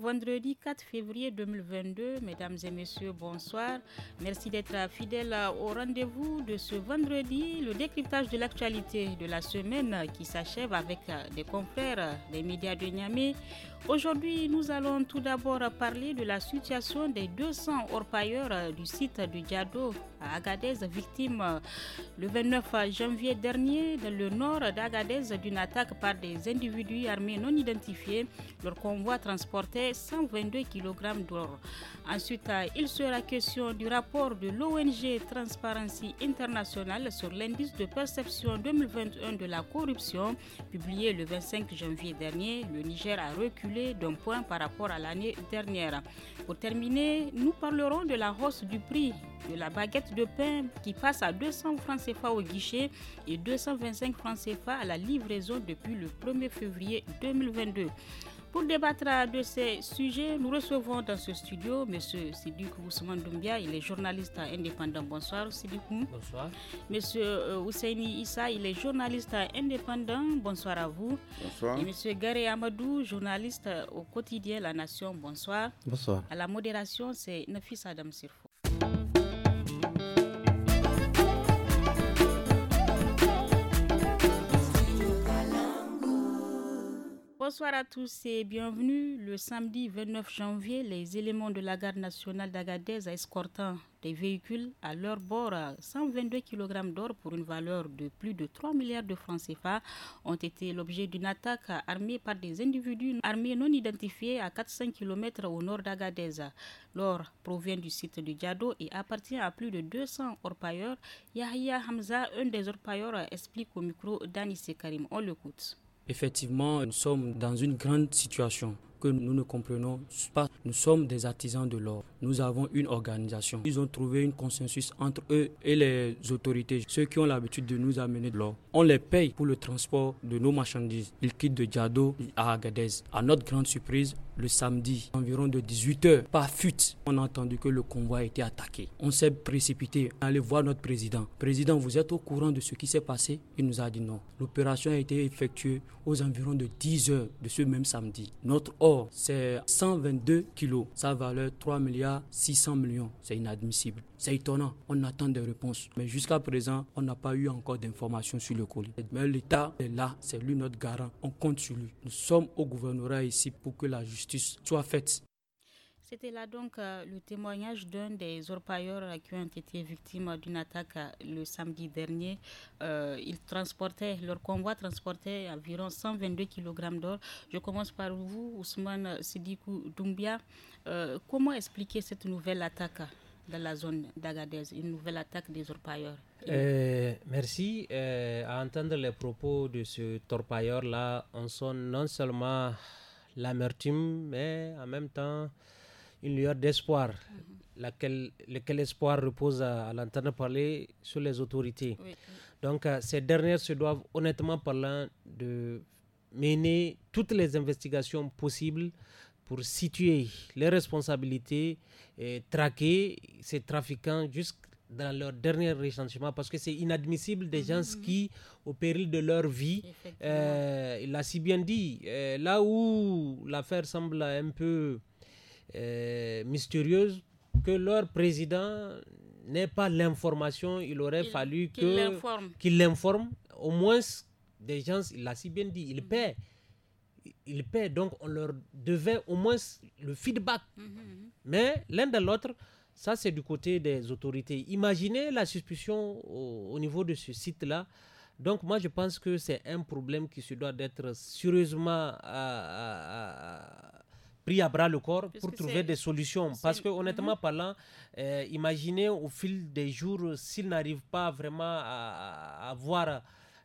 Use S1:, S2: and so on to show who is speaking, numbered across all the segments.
S1: vendredi 4 février 2022. Mesdames et messieurs, bonsoir. Merci d'être fidèles au rendez-vous de ce vendredi, le décryptage de l'actualité de la semaine qui s'achève avec des confrères des médias de Niamey. Aujourd'hui, nous allons tout d'abord parler de la situation des 200 orpailleurs euh, du site de Diado à Agadez, victimes euh, le 29 janvier dernier dans le nord d'Agadez d'une attaque par des individus armés non identifiés. Leur convoi transportait 122 kg d'or. Ensuite, euh, il sera question du rapport de l'ONG Transparency International sur l'indice de perception 2021 de la corruption, publié le 25 janvier dernier. Le Niger a reculé d'un point par rapport à l'année dernière. Pour terminer, nous parlerons de la hausse du prix de la baguette de pain qui passe à 200 francs CFA au guichet et 225 francs CFA à la livraison depuis le 1er février 2022. Pour débattre de ces sujets, nous recevons dans ce studio M. Sidik Ousmane Doumbia, il est journaliste indépendant. Bonsoir Sidik. Bonsoir. M. Euh, Ousseini Issa, il est journaliste indépendant. Bonsoir à vous. Bonsoir. Et M. Garé Amadou, journaliste au quotidien La Nation. Bonsoir. Bonsoir. À la modération, c'est Nafis Adam Sirfo. Bonsoir à tous et bienvenue. Le samedi 29 janvier, les éléments de la garde nationale d'Agadez escortant des véhicules à leur bord 122 kg d'or pour une valeur de plus de 3 milliards de francs CFA ont été l'objet d'une attaque armée par des individus armés non identifiés à 400 km au nord d'Agadez. L'or provient du site de Diado et appartient à plus de 200 orpailleurs. Yahya Hamza, un des orpailleurs, explique au micro d'Anissé Karim. On l'écoute.
S2: Effectivement, nous sommes dans une grande situation nous ne comprenons pas. Nous sommes des artisans de l'or. Nous avons une organisation. Ils ont trouvé un consensus entre eux et les autorités, ceux qui ont l'habitude de nous amener de l'or. On les paye pour le transport de nos marchandises. Ils quittent de Diado à Agadez. À notre grande surprise, le samedi, environ de 18h, par fuite, on a entendu que le convoi a été attaqué. On s'est précipité, à aller voir notre président. Président, vous êtes au courant de ce qui s'est passé Il nous a dit non. L'opération a été effectuée aux environs de 10 heures de ce même samedi. Notre or c'est 122 kilos, sa valeur 3 milliards 600 millions. C'est inadmissible. C'est étonnant, on attend des réponses. Mais jusqu'à présent, on n'a pas eu encore d'informations sur le colis. Mais l'État est là, c'est lui notre garant, on compte sur lui. Nous sommes au gouvernorat ici pour que la justice soit faite.
S1: C'était là donc euh, le témoignage d'un des orpailleurs qui ont été victimes d'une attaque euh, le samedi dernier. Euh, ils transportaient, leur convoi transportait environ 122 kg d'or. Je commence par vous, Ousmane Sidikou Doumbia. comment expliquer cette nouvelle attaque dans la zone d'Agadez, une nouvelle attaque des orpailleurs
S3: merci. à entendre les propos de ce torpailleur-là, on sonne non seulement l'amertume, mais en même temps une lueur d'espoir, laquelle, lequel espoir repose à, l'entendre parler sur les autorités. Donc euh, ces dernières se doivent honnêtement parlant de mener toutes les investigations possibles pour situer les responsabilités et traquer ces trafiquants jusqu'à dans leur dernier recensement parce que c'est inadmissible des mm-hmm, gens mm-hmm. qui, au péril de leur vie, euh, il a si bien dit, euh, là où l'affaire semble un peu euh, mystérieuse que leur président n'ait pas l'information. Il aurait fallu qu'il l'informe. Au moins, des gens, il l'a si bien dit, il mm-hmm. paie. Il paie. Donc, on leur devait au moins le feedback. Mm-hmm, mm-hmm. Mais l'un de l'autre, ça, c'est du côté des autorités. Imaginez la suspicion au, niveau de ce site-là. Donc moi, je pense que c'est un problème qui se doit d'être sérieusement à, euh, euh, pris à bras le corps pour trouver des solutions. Parce que honnêtement mhm. parlant, euh, imaginez au fil des jours, s'ils n'arrivent pas vraiment à, à avoir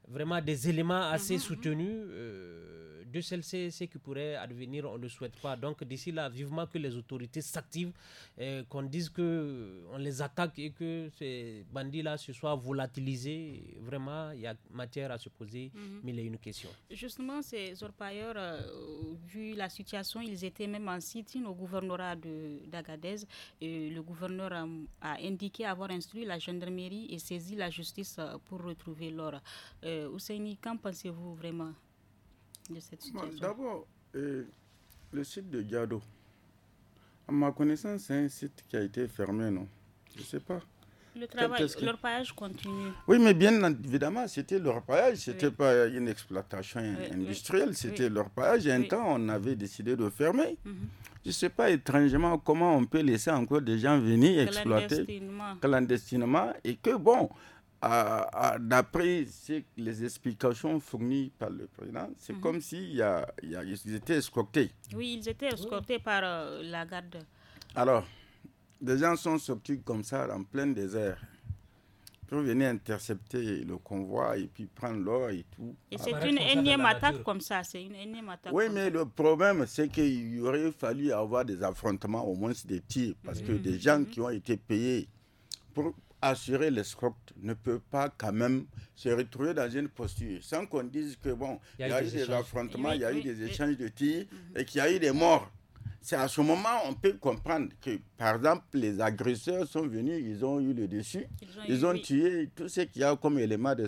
S3: vraiment des éléments assez mhm, soutenus mhm. Euh, de celle' ci ce qui pourrait advenir, on ne le souhaite pas. Donc d'ici là, vivement que les autorités s'activent, euh, qu'on dise que euh, on les attaque et que ces bandits-là se soient volatilisés. Vraiment, il y a matière à se poser il mhm. mille et une questions.
S1: Justement, ces orpailleurs, vu la situation, ils étaient même en sit-in au gouvernorat d'Agadez. Le gouverneur a, indiqué avoir instruit la gendarmerie et saisi la justice pour retrouver l'or. Euh, Ousseini, qu'en pensez-vous vraiment de cette situation
S4: D'abord, euh, le site de Gado, à ma connaissance, c'est un site qui a été fermé, non Je ne sais pas.
S1: Le travail, que... leur paillage continue. Oui,
S4: mais bien évidemment, c'était leur paillage, c'était n'était pas une exploitation industrielle, c'était leur paillage. un temps, on avait décidé de fermer. Mhm. Je ne sais pas étrangement comment on peut laisser encore des gens venir exploiter clandestinement et que, bon, d'après les explications fournies par le président, c'est mhm. comme s'ils étaient escortés.
S1: Oui, ils étaient escortés par euh, la garde.
S4: Alors, des gens sont sortis comme ça en plein désert pour venir intercepter le convoi et puis prendre l'or et tout. Et c'est une énième attaque
S1: comme ça, c'est une énième attaque. Oui,
S4: mais le problème, c'est qu'il aurait fallu avoir des affrontements, au moins des tirs, parce que des mhm. gens mhm. qui ont été payés pour assurer le ne peut pas quand même se retrouver dans une posture sans qu'on dise que bon, il y, a, eu des, affrontements, il y a eu des échanges de tirs mhm. et qu'il y a eu des morts. C'est à ce moment on peut comprendre que, par exemple, les agresseurs sont venus, ils ont eu le dessus, ils ont, tué tout ce qu'il y a comme élément de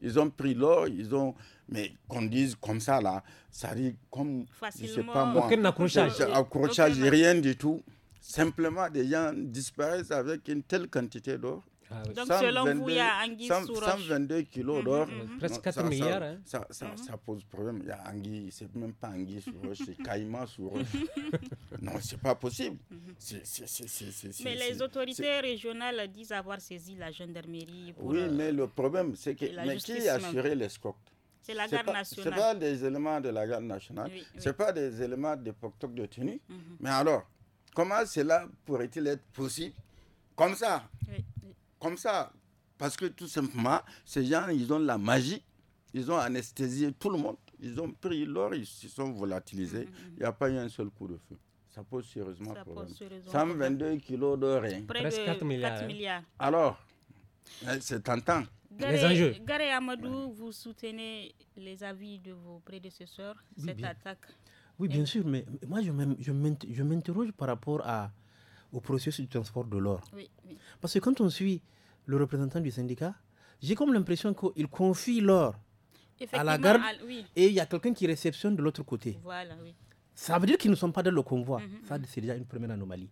S4: ils ont pris l'or, ils ont. Mais qu'on dise comme ça, là, ça dit comme. Facilement. pas moi. Aucun accrochage. accrochage, rien du tout. Simplement, des gens disparaissent avec une telle quantité d'or. Ah Donc, selon vous, il y a Anguille 100, 122 kilos mhm, d'or. Mhm. Euh, presque 4 milliards. Hein. Ça, mhm. ça, pose problème. Il y a Anguille, c'est même pas Anguille sur roche, c'est Caïman sur roche. non, c'est pas possible. mais les autorités
S1: régionales disent avoir saisi la gendarmerie. oui, euh, mais
S4: le problème, c'est que. Mais qui a assuré l'escorte
S1: c'est la garde nationale. Ce pas
S4: des éléments de la garde nationale. c'est pas des éléments de poc de tenue. Mais alors, Comment cela pourrait-il être possible Comme ça. Comme ça. Parce que tout simplement, ces gens, ils ont la magie. Ils ont anesthésié tout le monde. Ils ont pris l'or, ils se sont volatilisés. Mm, mm, mm. Il n'y a pas eu un seul coup de feu. Ça pose sérieusement problème. 122 kilos de rien. Presque 4 hein. milliards. Alors, hein, c'est tentant. Gare
S1: Amadou, vous soutenez les avis de vos prédécesseurs, cette attaque
S5: oui, bien sûr, mais moi, je m'interroge par rapport à, au processus du transport de l'or. Oui, Parce que quand on suit le représentant du syndicat, j'ai comme l'impression qu'il confie l'or à la garde et il y a quelqu'un qui réceptionne de l'autre côté. Voilà, Ça veut dire qu'ils ne sont pas dans le convoi. Mhm, Ça, mhm. c'est déjà une première anomalie.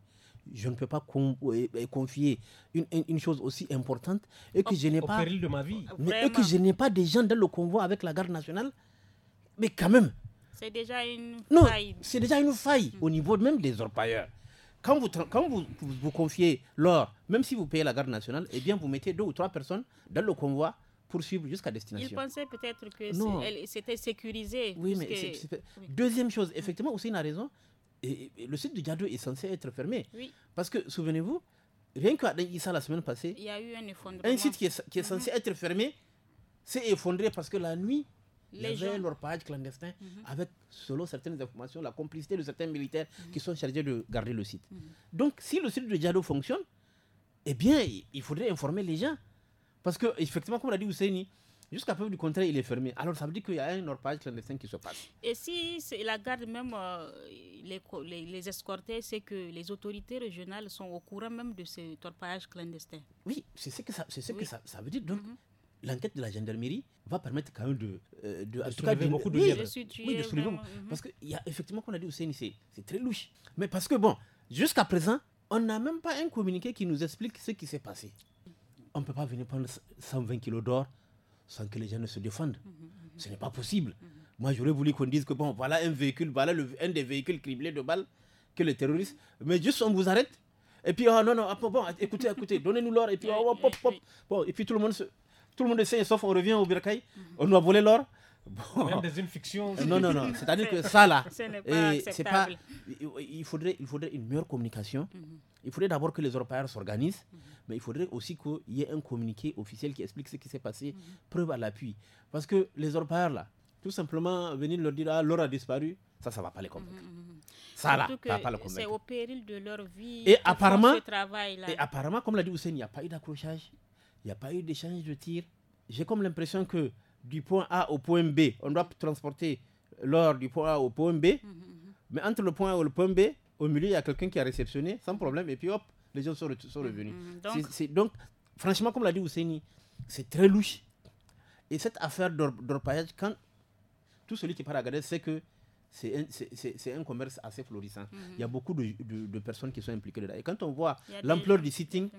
S5: Je ne peux pas euh, confier une, chose aussi importante et que je n'ai pas. et que je n'ai pas des gens dans le convoi avec la garde nationale. Mais quand même,
S1: c'est déjà une faille.
S5: C'est déjà une faille au niveau même des orpailleurs. Quand vous, quand vous, vous, confiez l'or, même si vous payez la garde nationale, et eh bien vous mettez deux ou trois personnes dans le convoi pour suivre jusqu'à destination. Ils
S1: pensaient peut-être que c'était sécurisé.
S5: deuxième chose, effectivement, aussi a raison. Et, le site de Diado est censé être fermé. Parce que souvenez-vous, rien qu'à Issa la semaine passée, il
S1: y un site
S5: qui est, mhm. censé être fermé s'est effondré parce que la nuit, il y avait gens... leur clandestin mhm. avec, selon certaines informations, la complicité de certains militaires mhm. qui sont chargés de garder le site. Mhm. Donc, si le site de Diallo fonctionne, eh bien, il faudrait informer les gens. Parce que, effectivement, comme l'a dit Ousseini, jusqu'à preuve du contraire, il est fermé. Alors, ça veut dire qu'il y a un orpage clandestin qui se passe.
S1: Et si la garde même euh, les, les, escortés, c'est que les autorités régionales sont au courant même de cet orpage clandestin.
S5: Oui, c'est ce que, ça, ce que ça, ça veut dire. Donc, l'enquête de la gendarmerie va permettre quand même de, euh, en tout cas, de, beaucoup de, oui, oui, de soulever euh, parce euh. qu'il y a effectivement qu'on a dit au CNIC, c'est très louche. Mais parce que bon, jusqu'à présent, on n'a même pas un communiqué qui nous explique ce qui s'est passé. On ne peut pas venir prendre 120 kilos d'or sans que les gens ne se défendent. Mhm, mhm. Ce n'est pas possible. Mhm. Moi, j'aurais voulu qu'on dise que bon, voilà un véhicule, voilà un des véhicules criblés de balles que les terroristes. Mais juste on vous arrête et puis, oh, non, non, ah, bon, écoutez, écoutez, donnez-nous l'or, et puis, oh, Bon, et puis tout le monde se. Tout le monde sait, sauf on revient au Birkaï, on nous a volé l'or. Même une Non, non, non. C'est-à-dire que ça, là, eh, c'est pas, Il faudrait, il faudrait une meilleure communication. Mhm. Il faudrait d'abord que les européens s'organisent, mais il faudrait aussi qu'il y ait un communiqué officiel qui explique ce qui s'est passé, mhm. preuve à l'appui. Parce que les européens, là, tout simplement, venir leur dire, ah, l'or a disparu, ça, ça ne va pas les mhm, convaincre. Ça, là, ça va pas les convaincre. C'est au
S1: péril de leur vie. Et apparemment, travail, Et
S5: apparemment comme l'a dit Hussein, il n'y a pas eu d'accrochage. Il n'y a pas eu d'échange de tir. J'ai comme l'impression que du point A au point B, on doit transporter l'or du point A au point B. Hum, hum, hum. Mais entre le point A et le point B, au milieu, il y a quelqu'un qui a réceptionné sans problème. Et puis hop, les gens sont, revenus. donc... franchement, comme l'a dit Ousseini, c'est très louche. Et cette affaire d'orpaillage, quand tout celui qui parle à Gadez sait que c'est un, commerce assez florissant. Il y a beaucoup de, personnes qui sont impliquées dedans. Et quand on voit l'ampleur du sitting,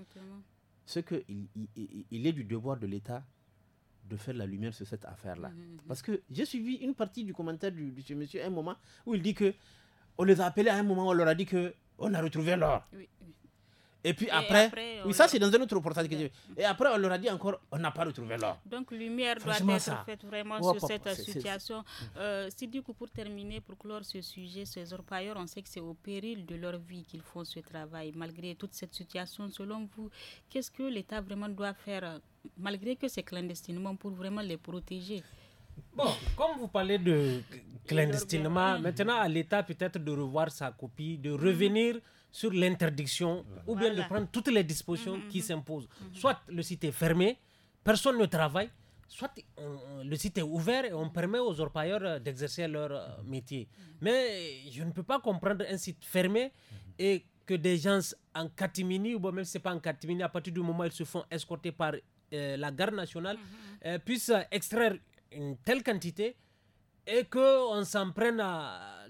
S5: ce qu'il il, il, est du devoir de l'État de faire la lumière sur cette affaire-là. Mm, mm, mm. Parce que j'ai suivi une partie du commentaire du, de monsieur un moment où il dit que on les a appelés à un moment, on leur a dit que on a retrouvé l'or. Oui, oui. Et puis après, oui, ça c'est dans un autre reportage Et après, on leur a dit encore, on n'a pas retrouvé l'or.
S2: Donc, lumière
S1: doit être faite vraiment oh, sur cette situation. Euh, du coup, pour terminer, pour clore ce sujet, ces orpailleurs, on sait que c'est au péril de leur vie qu'ils font ce travail. Malgré toute cette situation, selon vous, qu'est-ce que l'État vraiment doit faire, malgré que c'est clandestinement, pour vraiment les protéger
S3: Bon, comme vous parlez de clandestinement, maintenant à l'État peut-être de revoir sa copie, de revenir sur l'interdiction ou bien de prendre toutes les dispositions mm, mm, qui mm. s'imposent. Soit le site est fermé, personne ne travaille, soit le site est ouvert et on permet aux orpailleurs euh, d'exercer leur euh, métier. Mais je ne peux pas comprendre un site fermé mm-hmm. et que des gens en catimini, ou même si ce n'est pas en catimini, à partir du moment où ils se font escorter par euh, la garde nationale, puissent extraire une telle quantité et qu'on s'en prenne à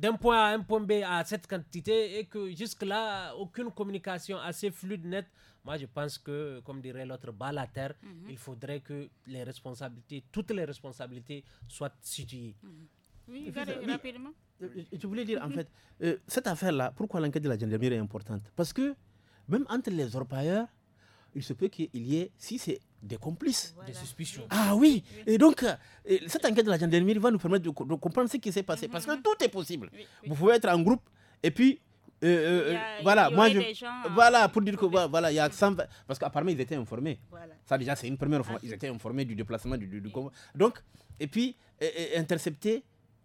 S3: d'un point A à un point B à cette quantité et que jusque-là, aucune communication assez fluide, nette. Moi, je pense que, comme dirait l'autre, bas à terre, mhm. il faudrait que les responsabilités, toutes les responsabilités soient situées.
S5: Mhm. Oui, Je voulais dire, en fait, euh, cette affaire-là, pourquoi l'enquête de la gendarmerie est importante Parce que même entre les orpailleurs, il se peut qu'il y ait, si c'est des complices. Des suspicions. Ah oui, et donc euh, cette enquête de la gendarmerie va nous permettre de, comprendre ce qui s'est passé, parce que mhm. tout est possible. Vous pouvez être en groupe, et puis euh, euh, voilà, moi je, hein. voilà pour dire que voilà, il y a parce qu'apparemment ils étaient informés. Ça déjà c'est une première fois, ah, ils étaient informés du déplacement du, Donc et puis intercepter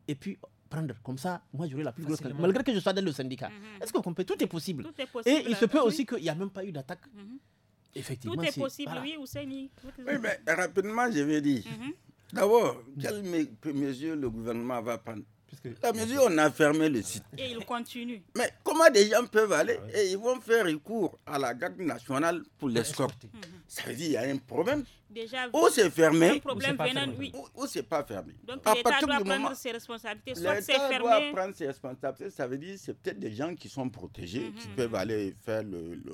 S5: et puis prendre comme ça, moi j'aurai la plus grosse malgré que je sois dans le syndicat. Mhm. Est-ce qu'on tout tout est possible Et il se peut aussi qu'il n'y a même pas eu d'attaque. Mhm.
S4: Effectivement, tout est, possible, oui,
S1: Ousseini. Oui, mais
S4: rapidement, je vais dire. Mhm. D'abord, quelles mesures le gouvernement va prendre ah, la mesure on a fermé le site.
S1: Et il continue.
S4: Mais comment des gens peuvent aller ah et ils vont faire recours à la garde nationale pour l'escorter mhm. Ça veut dire qu'il y a un problème.
S1: Déjà, ou c'est fermé,
S4: ou c'est pas fermé. Donc l'État doit prendre
S1: ses responsabilités. Soit c'est fermé. doit
S4: prendre ses responsabilités. Ça veut dire que c'est peut-être des gens qui sont protégés, qui mhm. peuvent aller faire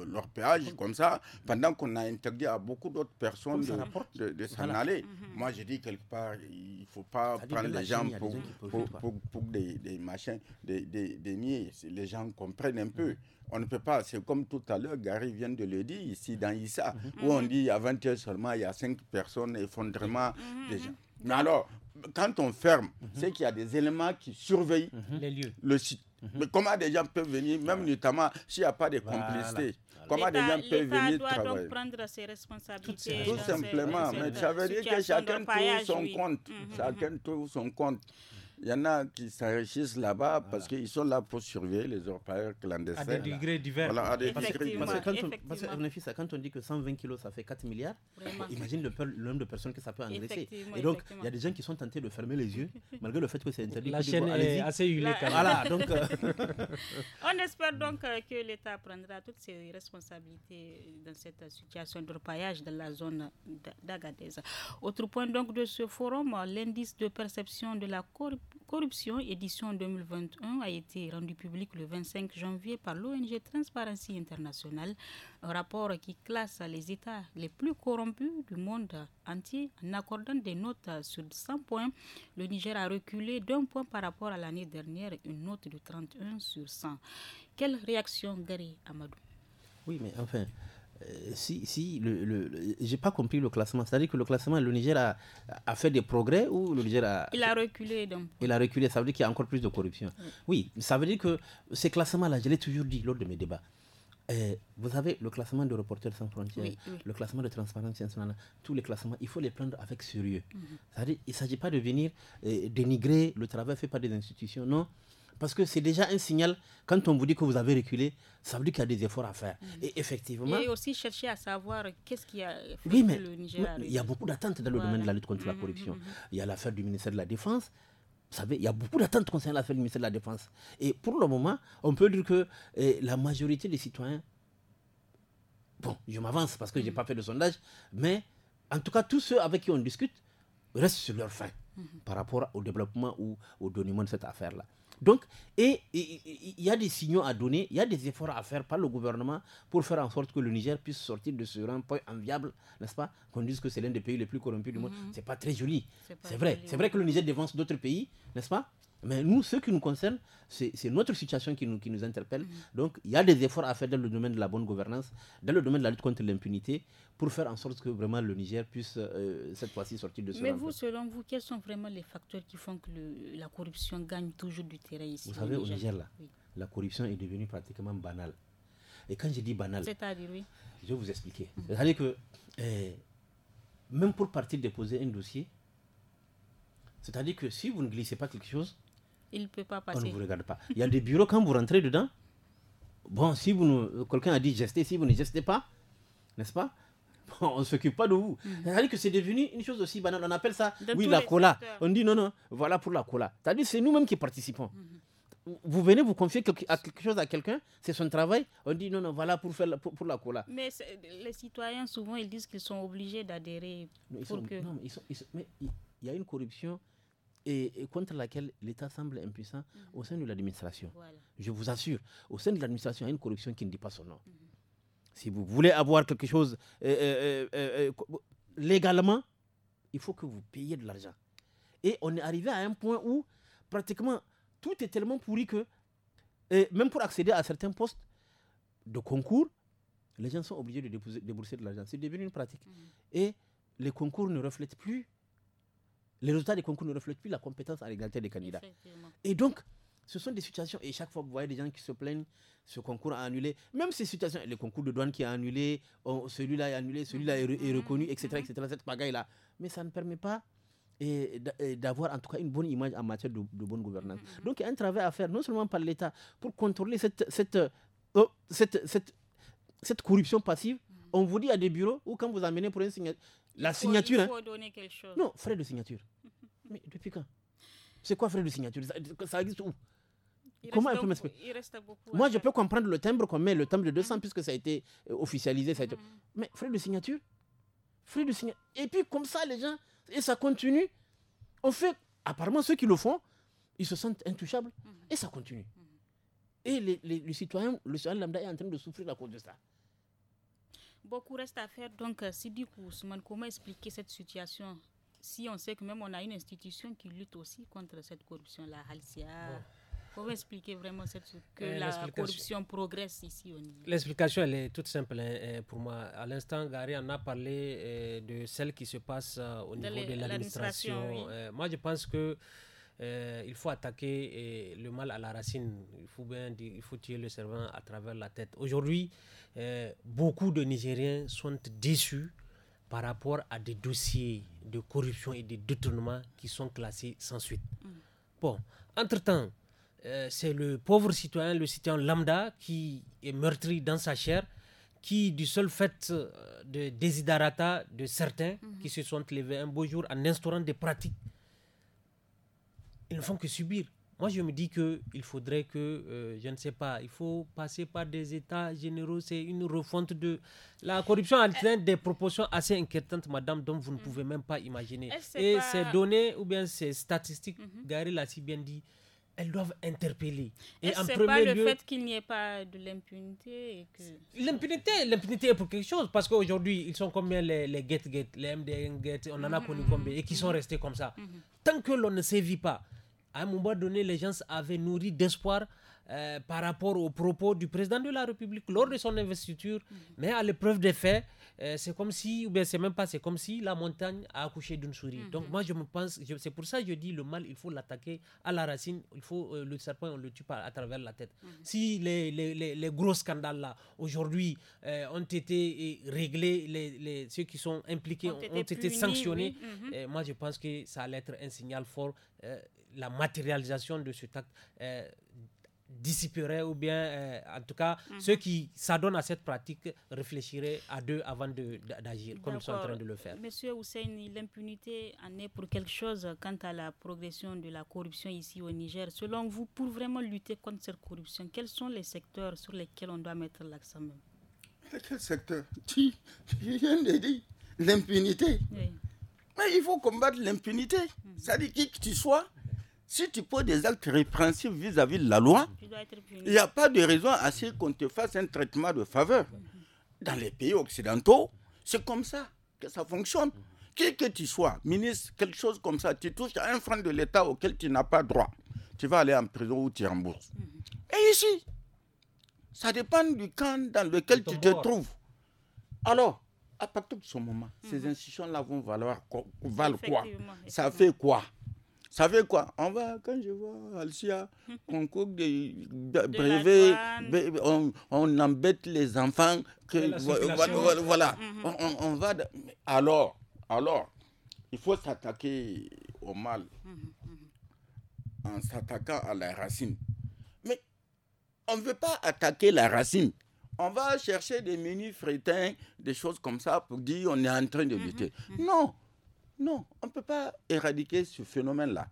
S4: leur péage comme ça, pendant qu'on a interdit à beaucoup d'autres personnes de, s'en aller. Mhm. Moi, je dis quelque part, il ne faut pas prendre les gens pour, pour des, machins, des, des, des niais. Les gens comprennent un peu. Mhm. On ne peut pas, c'est comme tout à l'heure, Gary vient de le dire ici dans Issa, mhm. où on dit à 21 seulement, il y a 5 personnes, effondrement mhm. des gens. Mais alors, quand on ferme, c'est qu'il y a des éléments qui surveillent les lieux. le site. Mais comment des gens peuvent venir, même notamment s'il n'y a pas de complicité Comment des gens peuvent venir doit travailler
S1: prendre ses responsabilités. tout simplement. Mais ça veut dire que chacun trouve son
S4: compte. Chacun trouve son compte. Il y en a qui s'enrichissent là-bas parce qu'ils sont là pour surveiller les orpailleurs clandestins. À des degrés divers. parce,
S5: que, quand on, dit que 120 kilos, ça fait 4 milliards, imagine le, nombre de personnes que ça peut engraisser. Et donc, il y a des gens qui sont tentés de fermer les yeux, malgré le fait que c'est interdit. La chaîne est assez huilée. Voilà, euh,
S1: on espère donc euh, que l'État prendra toutes ses responsabilités dans cette situation d'orpaillage dans la zone d'Agadez. Autre point donc de ce forum, l'indice de perception de la corruption Corruption édition 2021 a été rendu public le 25 janvier par l'ONG Transparency International, un rapport qui classe les États les plus corrompus du monde entier en accordant des notes sur 100 points. Le Niger a reculé d'un point par rapport à l'année dernière, une note de 31 sur 100. Quelle réaction, Gary Amadou
S5: Oui, mais enfin, euh, si, si le, j'ai pas compris le classement, c'est-à-dire que le classement, le Niger a, a, fait des progrès ou le Niger a... Il
S1: a reculé donc.
S5: Il a reculé, ça veut dire qu'il y a encore plus de corruption. Oui, ça veut dire que ces classements-là, je l'ai toujours dit lors de mes débats. Euh, vous avez le classement de Reporters sans frontières, le classement de Transparence internationale, tous les classements, il faut les prendre avec sérieux. Mhm. Il ne s'agit pas de venir euh, dénigrer le travail fait par des institutions, non. Parce que c'est déjà un signal, quand on vous dit que vous avez reculé, ça veut dire qu'il y a des efforts à faire. Mm. Et effectivement. Et
S1: aussi chercher à savoir qu'est-ce y a oui, mais, Il y a beaucoup
S5: d'attentes dans le domaine de la lutte contre la corruption. Mm, mm, il y a l'affaire du ministère de la Défense. Vous savez, il y a beaucoup d'attentes concernant l'affaire du ministère de la Défense. Et pour le moment, on peut dire que eh, la majorité des citoyens. Bon, je m'avance parce que je n'ai pas fait de sondage, mais en tout cas, tous ceux avec qui on discute restent sur leur faim par rapport au développement ou au donnement de cette affaire-là. Donc, et il y a des signaux à donner, il y a des efforts à faire par le gouvernement pour faire en sorte que le Niger puisse sortir de ce rang point enviable, n'est-ce pas Qu'on dise que c'est l'un des pays les plus corrompus du monde. Ce mhm. n'est C'est pas très joli. C'est vrai. C'est vrai que le Niger dévance d'autres pays, n'est-ce pas mais nous, ce qui nous concerne, c'est notre situation qui nous, interpelle. Donc, il y a des efforts à faire dans le domaine de la bonne gouvernance, dans le domaine de la lutte contre l'impunité, pour faire en sorte que vraiment le Niger puisse euh, cette fois-ci sortir de ce Mais vous,
S1: selon vous, quels sont vraiment les facteurs qui font que la corruption gagne toujours du terrain ici Vous savez, au Niger, là,
S5: la corruption est devenue pratiquement banale. Et quand je dis banale, je vais vous expliquer. C'est-à-dire que eh, même pour partir déposer un dossier, c'est-à-dire que si vous ne glissez pas quelque chose,
S1: il ne peut pas passer. On ne vous
S5: regarde pas. Il y a des bureaux, quand vous rentrez dedans, bon, si vous quelqu'un a dit gestez, si vous ne gestez pas, n'est-ce pas on ne s'occupe pas de vous. Mm-hmm. C'est-à-dire que c'est devenu une chose aussi banale. On appelle ça, oui, la cola. On dit non, non, voilà pour la cola. C'est-à-dire c'est nous-mêmes qui participons. Mm-hmm. vous venez vous confier quelque, quelque chose à quelqu'un, c'est son travail, on dit non, non, voilà pour, faire la, pour, la cola. Mais
S1: les citoyens, souvent, ils disent qu'ils sont obligés d'adhérer.
S5: pour que... Non, ils sont, mais il y a une corruption et, contre laquelle l'État semble impuissant au mhm. sein de l'administration. Je vous assure, au sein de l'administration, il y a une corruption qui ne dit pas son nom. Mhm. Si vous voulez avoir quelque chose euh, euh, euh, légalement, il faut que vous payiez de l'argent. Et on est arrivé à un point où pratiquement tout est tellement pourri que même pour accéder à certains postes de concours, les gens sont obligés de débourser de l'argent. C'est devenu une pratique. Mhm. Et les concours ne reflètent plus les résultats des concours ne reflètent plus la compétence à l'égalité des candidats. Et donc, ce sont des situations, et chaque fois que vous voyez des gens qui se plaignent, ce concours a annulé, même ces situations, le concours de douane qui a annulé, celui-là est annulé, celui-là est, reconnu, etc., etc., cette pagaille-là. Mais ça ne permet pas d'avoir en tout cas une bonne image en matière de, bonne gouvernance. Mm-hmm. Donc il y a un travail à faire, non seulement par l'État, pour contrôler cette, cette, euh, cette, corruption passive. Mm-hmm. On vous dit à des bureaux, ou quand vous amenez pour une signature, la signature. Hein.
S1: donner quelque chose. Non,
S5: frais de signature. Mais depuis quand C'est quoi frais de signature ça, existe où Comment elle peut m'expliquer Moi, je peux comprendre le timbre qu'on met, le timbre de 200, mm-hmm. puisque ça a été euh, officialisé. Mm-hmm. Mais frais de signature Frais de signature. Et puis, comme ça, les gens. Et ça continue. au fait. Apparemment, ceux qui le font, ils se sentent intouchables. Mm-hmm. Et ça continue. Et les, les, citoyens, le citoyen lambda est en train de souffrir à cause de ça.
S1: Beaucoup reste à faire. Donc, euh, Sidi Kousman, comment expliquer cette situation si on sait que même on a une institution qui lutte aussi contre cette corruption-là, Halcia Comment expliquer vraiment cette, que eh, la corruption progresse ici au niveau
S3: L'explication, elle est toute simple hein, eh, pour moi. À l'instant, Gary en a parlé eh, de celle qui se passe euh, au niveau de l'administration. moi, je pense que euh, il faut attaquer euh, le mal à la racine. Il faut bien dire, il faut tuer le servant à travers la tête. Aujourd'hui, euh, beaucoup de Nigériens sont déçus par rapport à des dossiers de corruption et de détournement qui sont classés sans suite. Mm. Bon, entre-temps, c'est le pauvre citoyen, le citoyen lambda qui est meurtri dans sa chair, qui, du seul fait de désiderata de certains mm-hmm. qui se sont levés un beau jour en instaurant des pratiques ils ne font que subir. Moi, je me dis qu'il faudrait que, euh, je ne sais pas, il faut passer par des états généraux. C'est une refonte de. La corruption eh. atteint des proportions assez inquiétantes, madame, dont vous ne pouvez mhm. même pas imaginer. Et ces données, ou bien ces statistiques, mm Gary l'a si bien dit, elles doivent interpeller. Et en premier pas le fait
S1: qu'il n'y ait pas de l'impunité
S3: L'impunité, l'impunité est pour quelque chose parce qu'aujourd'hui, ils sont combien les, les get get, les MDN get, on en a connu mhm. combien et qui sont mhm. restés comme ça. Tant que l'on ne sévit pas, à un moment donné, les gens avaient nourri d'espoir euh, par rapport aux propos du président de la République lors de son investiture. Mais à l'épreuve des faits, euh, c'est comme si, ou bien c'est même pas, c'est comme si la montagne a accouché d'une souris. Donc mhm. moi, je me pense, c'est pour ça que je dis le mal, il faut l'attaquer à la racine. Il faut euh, le serpent, on le tue pas à travers la tête. Mhm. Si les, les, les, gros scandales là aujourd'hui ont été réglés, ceux qui sont impliqués ont, été, sanctionnés. Mhm. Eh, moi, je pense que ça allait être un signal fort la matérialisation de ce acte euh, dissiperait ou bien, euh, en tout cas, mhm. ceux qui s'adonnent à cette pratique réfléchiraient à deux avant d'agir, comme ils sont en train de le faire.
S1: Monsieur Hussein, l'impunité en est pour quelque chose quant à la progression de la corruption ici au Niger. Selon vous, pour vraiment lutter contre cette corruption, quels sont les secteurs sur lesquels on doit mettre l'accent
S4: Quel secteur tu, viens de dire l'impunité. Mais il faut combattre l'impunité. Mhm. cest à Ça dit qui que tu sois, si tu poses des actes répréhensibles vis-à-vis de la loi, il n'y a pas de raison à ce qu'on te fasse un traitement de faveur. Dans les pays occidentaux, c'est comme ça que ça fonctionne. Qui que tu sois, ministre, quelque chose comme ça, tu touches un franc de l'État auquel tu n'as pas droit. Tu vas aller en prison ou tu rembourses. Mhm. Et ici, ça dépend du camp dans lequel tu te trouves. Alors, à partir de ce moment, ces mhm. institutions-là vont valoir quoi Ça fait quoi ça fait quoi On va, quand je vois Alcia, on coupe de, brevets, on, embête les enfants. Que, voilà, mhm. on, va. Alors, alors, il faut s'attaquer au mal mhm, mhm. en s'attaquant à la racine. Mais on ne veut pas attaquer la racine. On va chercher des menus frétins, des choses comme ça pour dire on est en train de lutter. Non, non, on ne peut pas éradiquer ce phénomène-là.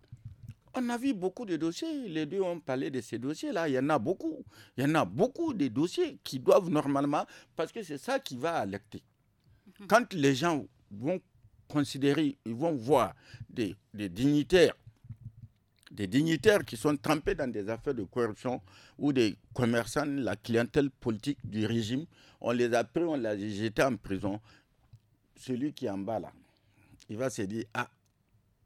S4: On a vu beaucoup de dossiers, les deux ont parlé de ces dossiers-là, il y en a beaucoup. Il y en a beaucoup de dossiers qui doivent normalement, parce que c'est ça qui va alerter. Quand les gens vont considérer, ils vont voir des, des dignitaires des dignitaires qui sont trempés dans des affaires de corruption ou des commerçants, la clientèle politique du régime, on les a pris, on les a jetés en prison. Celui qui est en bas là, il va se dire, ah,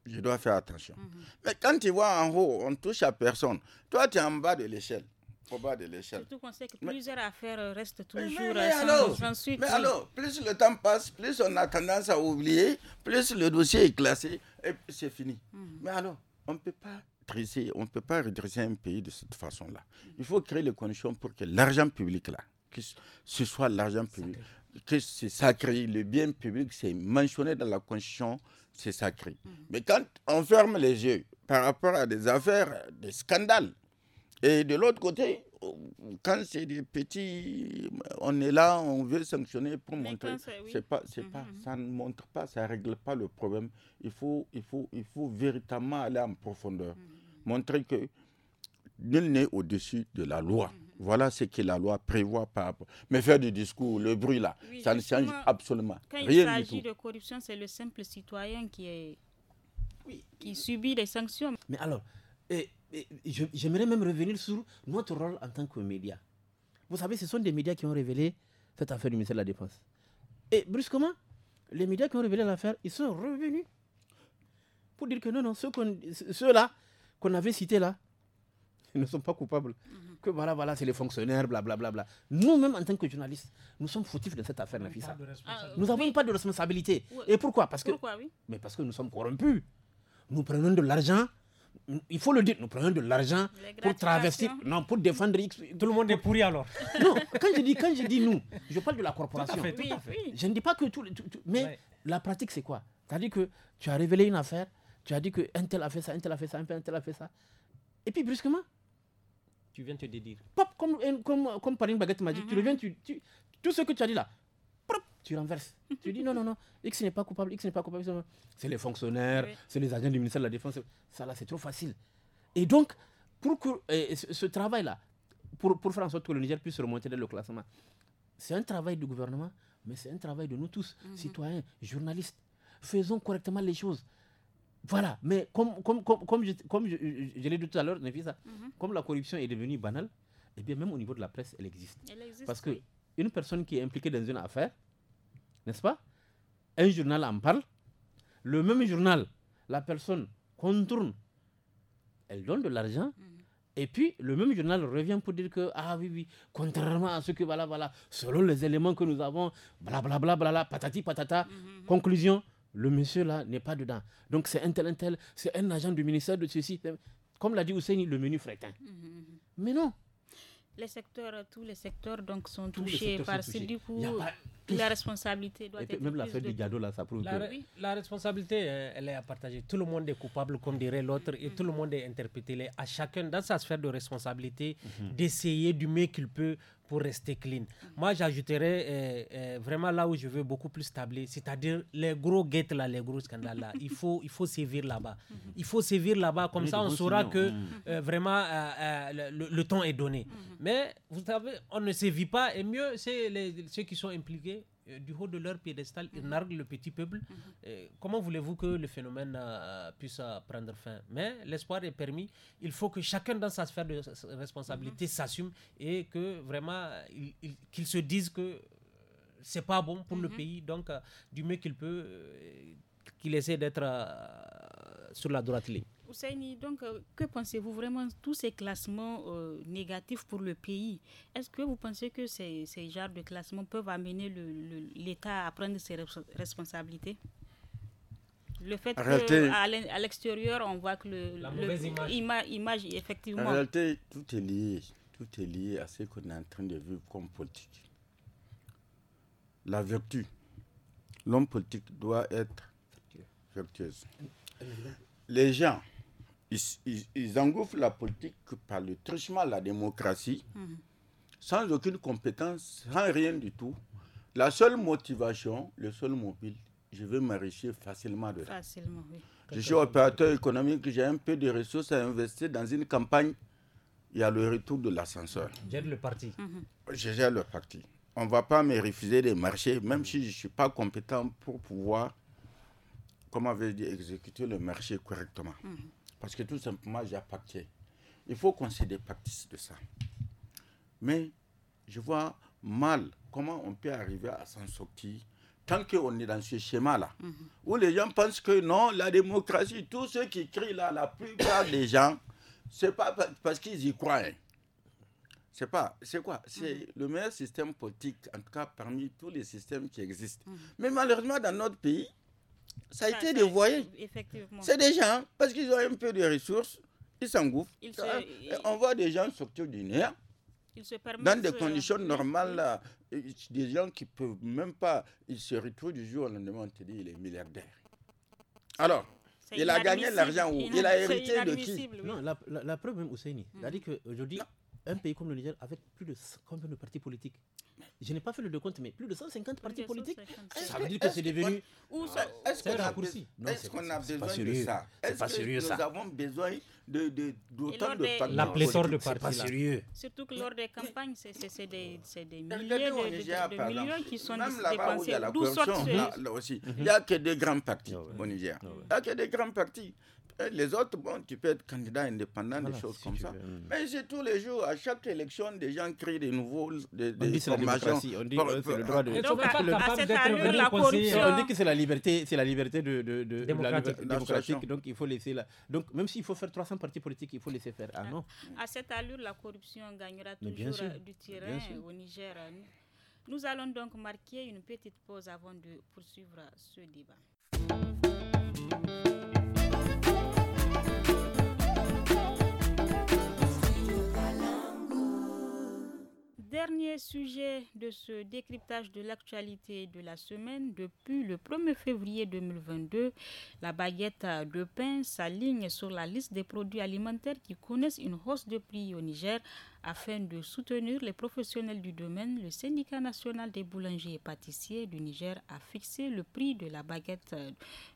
S4: je dois faire attention. Mhm. Mais quand tu vois en haut, on touche à personne. Toi, tu es en bas de l'échelle. Au bas de l'échelle. Surtout
S1: qu'on sait que plusieurs affaires restent toujours mais, mais sans, alors, Mais alors,
S4: plus le temps passe, plus on a tendance à oublier, plus le dossier est classé, et c'est fini. Mhm. Mais alors, on ne peut pas dresser, on peut pas redresser un pays de cette façon-là. Il faut créer les conditions pour que l'argent public là, que ce soit l'argent public, que c'est sacré, le bien public, c'est mentionné dans la Constitution, c'est sacré. Mhm. Mais quand on ferme les yeux par rapport à des affaires, des scandales, et de l'autre côté, quand c'est des petits, on est là, on veut sanctionner pour montrer. C'est pas, c'est pas, mhm. ça ne montre pas, ça règle pas le problème. Il faut, il faut, il faut véritablement aller en profondeur, mhm. montrer que nul n'est au-dessus de la loi. Voilà ce que la loi prévoit par rapport. Mais faire du discours, le bruit là, ça ne change absolument rien. Quand il s'agit de
S1: corruption, c'est le simple citoyen qui, est, qui subit les sanctions.
S4: Mais alors, et,
S5: j'aimerais même revenir sur notre rôle en tant que média. Vous savez, ce sont des médias qui ont révélé cette affaire du ministère de la Défense. Et brusquement, les médias qui ont révélé l'affaire, ils sont revenus pour dire que non, non, ceux-là qu'on avait cités là, ils ne sont pas coupables. Mhm que voilà, voilà, c'est les fonctionnaires, blablabla. Bla, bla, bla. Nous-mêmes, en tant que journalistes, nous sommes fautifs de cette affaire, ah, nous Nafisa. nous n'avons pas de responsabilité. Et pourquoi Parce que, mais parce que nous sommes corrompus. Nous prenons de l'argent. Il faut le dire, nous prenons de l'argent pour travestir, non, pour défendre X. Tout le monde est pourri alors. Non, quand je dis, quand je dis nous, je parle de la corporation. fait, Je ne dis pas que tout, mais la pratique c'est quoi Tu as dit que tu as révélé une affaire, tu as dit qu'un tel a fait ça, un tel a fait ça, un tel a fait ça, et puis brusquement,
S3: tu viens te dédire.
S5: Pop, comme, comme, comme Baguette magique, tu mhm. reviens, tu, tout ce que tu as dit là, pop, tu renverses. tu dis non, non, non, X n'est pas coupable, X n'est pas coupable. C'est les fonctionnaires, c'est les agents du ministère de la Défense. Ça là, c'est trop facile. Et donc, pour que ce, travail-là, pour, pour faire en sorte que le Niger puisse remonter dans le classement, c'est un travail du gouvernement, mais c'est un travail de nous tous, mhm. citoyens, journalistes. Faisons correctement les choses. Voilà, mais comme, comme, comme, comme je, comme je, l'ai dit tout à l'heure, mhm. comme la corruption est devenue banale, et eh bien même au niveau de la presse, elle existe. Parce que qu'une personne qui est impliquée dans une affaire, n'est-ce pas Un journal en parle, le même journal, la personne contourne, elle donne de l'argent, mhm. Et puis, le même journal revient pour dire que, ah oui, oui, contrairement à ce que, voilà, voilà, selon les éléments que nous avons, blablabla, patati patata, mhm. conclusion, le monsieur là n'est pas dedans. Donc c'est un tel, un tel, c'est un agent du ministère de ceci. Comme l'a dit Hussein, le menu fréquent. Hein. Mm-hmm, mm-hmm. Mais non.
S1: Les secteurs, tous les secteurs donc sont touchés par du coup. La responsabilité doit Et être. Même fête de Gado, là, ça prouve la, que...
S3: la responsabilité, euh, elle est à partager. Tout le monde est coupable, comme dirait l'autre, et tout le mm-hmm. monde est interpellé. À chacun, dans sa sphère de responsabilité, d'essayer du mieux qu'il peut pour rester clean. Moi, j'ajouterais euh, euh, vraiment là où je veux beaucoup plus tabler, c'est-à-dire les gros guettes là, les gros scandales là. Il faut, il faut sévir là-bas. Il faut sévir là-bas, comme ça on saura que euh, vraiment le, le, temps est donné. Mais vous savez, on ne sévit pas et mieux, c'est ceux qui sont impliqués euh, du haut de leur piédestal, ils mhm. narguent le petit peuple. Mhm. Euh, comment voulez-vous que le phénomène euh, puisse prendre fin Mais l'espoir est permis. Il faut que chacun dans sa sphère de responsabilité mhm. s'assume et que vraiment qu'ils se disent que c'est pas bon pour le pays. Donc, du mieux qu'il peut, qu'il essaie d'être sur la droite ligne
S1: donc, euh, que pensez-vous vraiment tous ces classements euh, négatifs pour le pays Est-ce que vous pensez que ces, genres de classements peuvent amener l'État à prendre ses responsabilités le fait qu'à l'extérieur, on voit que le, image. effectivement.
S4: réalité, tout est lié. Tout est lié à ce qu'on est en train de vivre comme politique. La vertu. L'homme politique doit être vertueuse. Les gens ils, ils, engouffrent la politique par le truchement à la démocratie, mm-hmm. sans aucune compétence, sans rien du tout. La seule motivation, le seul mobile, je veux m'enrichir facilement de Facilement, oui. Je suis opérateur économique, j'ai un peu de ressources à investir dans une campagne. Il y a le retour de l'ascenseur.
S3: J'aide le parti. Mm-hmm.
S4: Je gère le parti. On ne va pas me refuser des marchés, même si je ne suis pas compétent pour pouvoir, comment vais-je dire, exécuter le marché correctement. Mm-hmm. Parce que tout simplement, j'appartiens. Il faut qu'on se départisse de ça. Mais je vois mal comment on peut arriver à s'en sortir tant qu'on est dans ce schéma-là, mhm. où les gens pensent que non, la démocratie, tous ceux qui crient là, la plupart des gens, c'est pas parce qu'ils y croient. C'est pas, c'est quoi C'est mhm. le meilleur système politique, en tout cas parmi tous les systèmes qui existent. Mhm. Mais malheureusement, dans notre pays, ça a été de voyer.
S1: C'est des gens,
S4: parce qu'ils ont un peu de ressources, ils s'engouffrent. On voit des gens sortir du
S1: dans des euh, conditions normales,
S4: des gens qui peuvent même pas, ils se retrouvent du jour au lendemain, on te dit, il est milliardaire. Alors, il a gagné l'argent où Il a hérité de qui Non, la, preuve même, Ousseini,
S5: hmm. c'est-à-dire qu'aujourd'hui, un pays comme le Niger, avec plus de combien de partis politiques je n'ai pas fait le décompte, mais plus de 150 partis politiques. Ça veut dire que c'est devenu. Ah,
S4: est-ce qu'on a, besoin de ça Est-ce que nous avons besoin de d'autant de partis La pléthore de partis. sérieux.
S1: Surtout que lors des campagnes, c'est des, des milliers de, millions qui sont dépensés. D'où sortent
S4: Il n'y a que des grands partis ah au Niger. Ah il n'y a que des grands partis. Les autres, bon, tu peux être candidat indépendant, des choses comme ça. Hmm. Mais c'est tous les jours, à chaque élection, des gens créent des nouveaux. on dit la on dit que c'est le droit de. la On dit
S5: que c'est la liberté, c'est la liberté de, de, démocratique. La démocratie. Donc il faut laisser Donc même s'il faut faire 300 partis politiques, il faut laisser faire. Ah non.
S1: À cette allure, la corruption gagnera toujours du terrain au Niger. Nous allons donc marquer une petite pause avant de poursuivre ce débat. Dernier sujet de ce décryptage de l'actualité de la semaine, depuis le 1er février 2022, la baguette de pain s'aligne sur la liste des produits alimentaires qui connaissent une hausse de prix au Niger afin de soutenir les professionnels du domaine, le syndicat national des boulangers et pâtissiers du Niger a fixé le prix de la baguette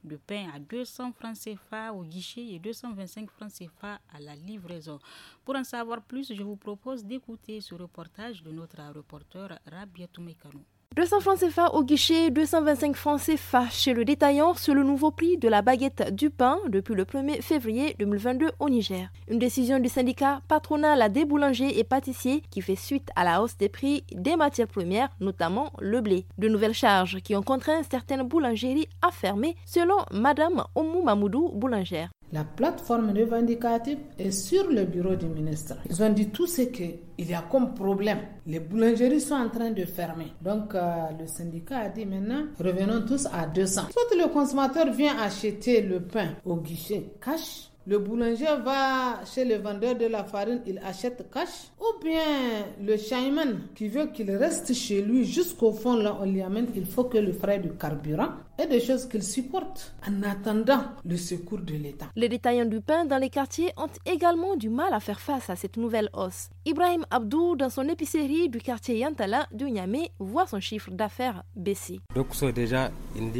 S1: de pain à 200 francs CFA au guichet et 225 francs CFA à la livraison. Pour en savoir plus, je vous propose d'écouter ce reportage de notre reporter Rabia Toumekano.
S5: 200 francs CFA au guichet, 225 francs CFA chez le détaillant, sur le nouveau prix de la baguette du pain depuis le 1er février 2022 au Niger. Une décision du syndicat patronal à des boulangers et pâtissiers qui fait suite à la hausse des prix des matières premières, notamment le blé. De nouvelles charges qui ont contraint certaines boulangeries à fermer, selon Madame
S1: Oumou Mamoudou, boulangère. La plateforme revendicative est sur le bureau du ministre. Ils ont dit tout ce qu'il y a comme problème. Les boulangeries sont en train de fermer. Donc euh, le syndicat a dit maintenant, revenons tous à 200. Soit le consommateur vient acheter le pain au guichet cash, le boulanger va chez le vendeur de la farine, il achète cash. Ou bien le shaman qui veut qu'il reste chez lui jusqu'au fond, là, on lui amène, il faut que le frais du carburant et des choses qu'ils supportent en attendant
S3: le secours de l'État.
S5: Les détaillants du pain dans les quartiers ont également du mal à faire face à cette nouvelle hausse. Ibrahim Abdou, dans son épicerie du quartier Yantala de Niamey, voit son chiffre d'affaires baisser.
S4: Donc, c'est déjà une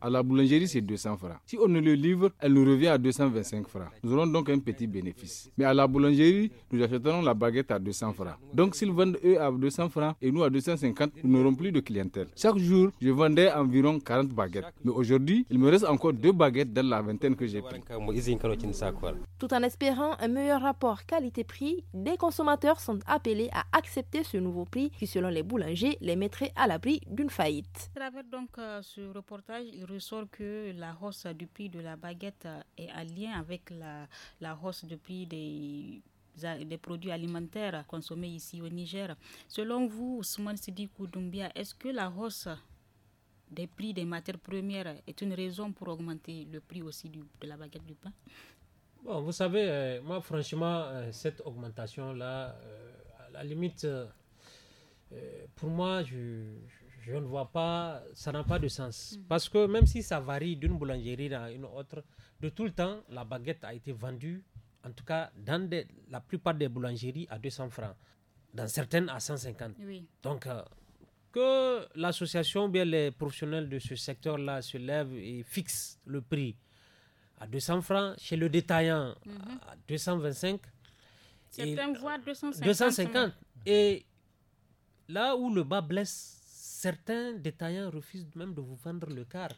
S4: À la boulangerie, c'est 200 francs. Si on ne le livre, elle nous revient à 225 francs. Nous aurons donc un petit bénéfice. Mais à la boulangerie, nous achèterons la baguette à 200 francs. Donc, s'ils vendent eux à 200 francs et nous à 250, nous n'aurons plus de clientèle. Chaque jour, je vendais environ 40 baguettes. Mais aujourd'hui, il me reste encore deux baguettes dans la vingtaine que j'ai pris.
S5: Tout en espérant un meilleur rapport qualité-prix, des consommateurs sont appelés à accepter ce nouveau prix qui, selon les boulangers, les mettrait à l'abri d'une faillite.
S1: À travers donc euh, ce reportage, il ressort que la hausse du prix de la baguette euh, est en lien avec la, la hausse du prix des des produits alimentaires consommés ici au Niger. Selon vous, Ousmane Sidi Koudoumbia, est-ce que la hausse des prix des matières premières est une raison pour augmenter le prix aussi de la baguette du pain
S3: Bon, vous savez, euh, moi franchement, euh, cette augmentation-là, euh, à la limite, pour moi, je, je, ne vois pas, ça n'a pas de sens. Mm. Parce que même si ça varie d'une boulangerie à une autre, de tout le temps, la baguette a été vendue, en tout cas dans la plupart des boulangeries, à 200 francs, dans certaines à 150. Oui. Donc, que l'association, bien les professionnels de ce secteur-là se lèvent et fixent le prix à 200 francs, chez le détaillant mhm. à 225. Certains
S1: 250. 250. Hein.
S3: Et là où le bas blesse, certains détaillants refusent même de vous vendre le car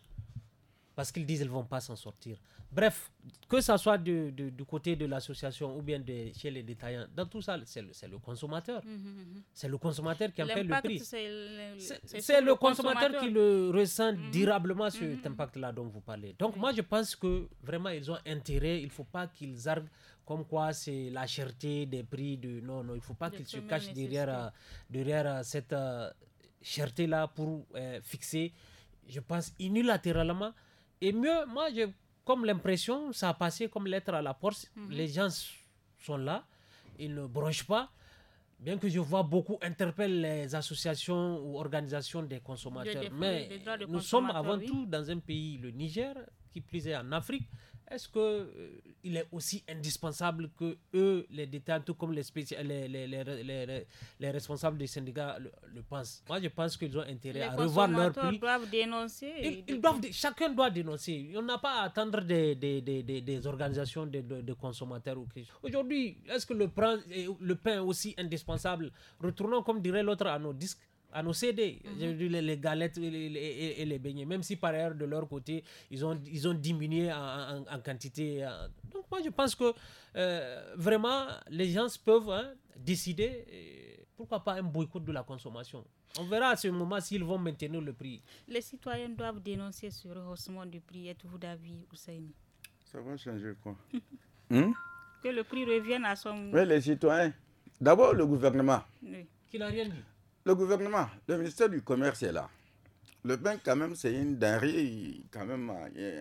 S3: parce qu'ils disent qu'ils ne vont pas s'en sortir. Bref, que ce soit du, côté de l'association ou bien de, chez les détaillants, dans tout ça, c'est le, le, consommateur. Mm-hmm, mm-hmm. C'est le consommateur qui en fait le prix.
S1: C'est le, consommateur qui
S3: le ressent mm-hmm. durablement, cet impact-là dont vous parlez. Donc moi, je pense que vraiment, ils ont intérêt, il ne faut pas qu'ils arguent comme quoi c'est la cherté des prix. De... Non, non, il ne faut pas qu'ils se cachent derrière, euh, derrière euh, cette... Euh, cherté là pour fixer, je pense, unilatéralement et mieux, moi, j'ai comme l'impression, ça a passé comme lettre à la porte. Mhm. Les gens sont là, ils ne bronchent pas. Bien que je vois beaucoup interpeller les associations ou organisations des consommateurs, mais nous sommes avant tout dans un pays, le Niger, qui plus est en Afrique, est-ce que euh, il est aussi indispensable que eux, les détails, tout comme les, les, les, les, responsables des syndicats le, pensent Moi, je pense qu'ils ont intérêt à revoir leur prix. Ils
S1: doivent dénoncer.
S3: doivent, chacun doit dénoncer. On n'a pas à attendre des, des, des, des organisations de, consommateurs Aujourd'hui, est-ce que le le pain est aussi indispensable Retournons, comme dirait l'autre, à nos disques à nous mhm. les, galettes et les, beignets, même si par ailleurs, de leur côté, ils ont, ils ont diminué en, en, quantité. Hein. Donc moi, je pense que euh, vraiment, les gens peuvent hein, décider, pourquoi pas un boycott de la consommation. On verra à ce moment s'ils vont maintenir le
S4: prix.
S1: Les citoyens doivent dénoncer ce rehaussement du prix. Êtes-vous d'avis, Ousseini
S4: Ça va changer quoi hmm?
S1: Que le prix revienne à son... Oui, les citoyens.
S4: D'abord, le gouvernement.
S3: Oui. Qui n'a rien dit
S4: le gouvernement, le ministère du Commerce est là. Le pain, quand même, c'est une denrée, quand même,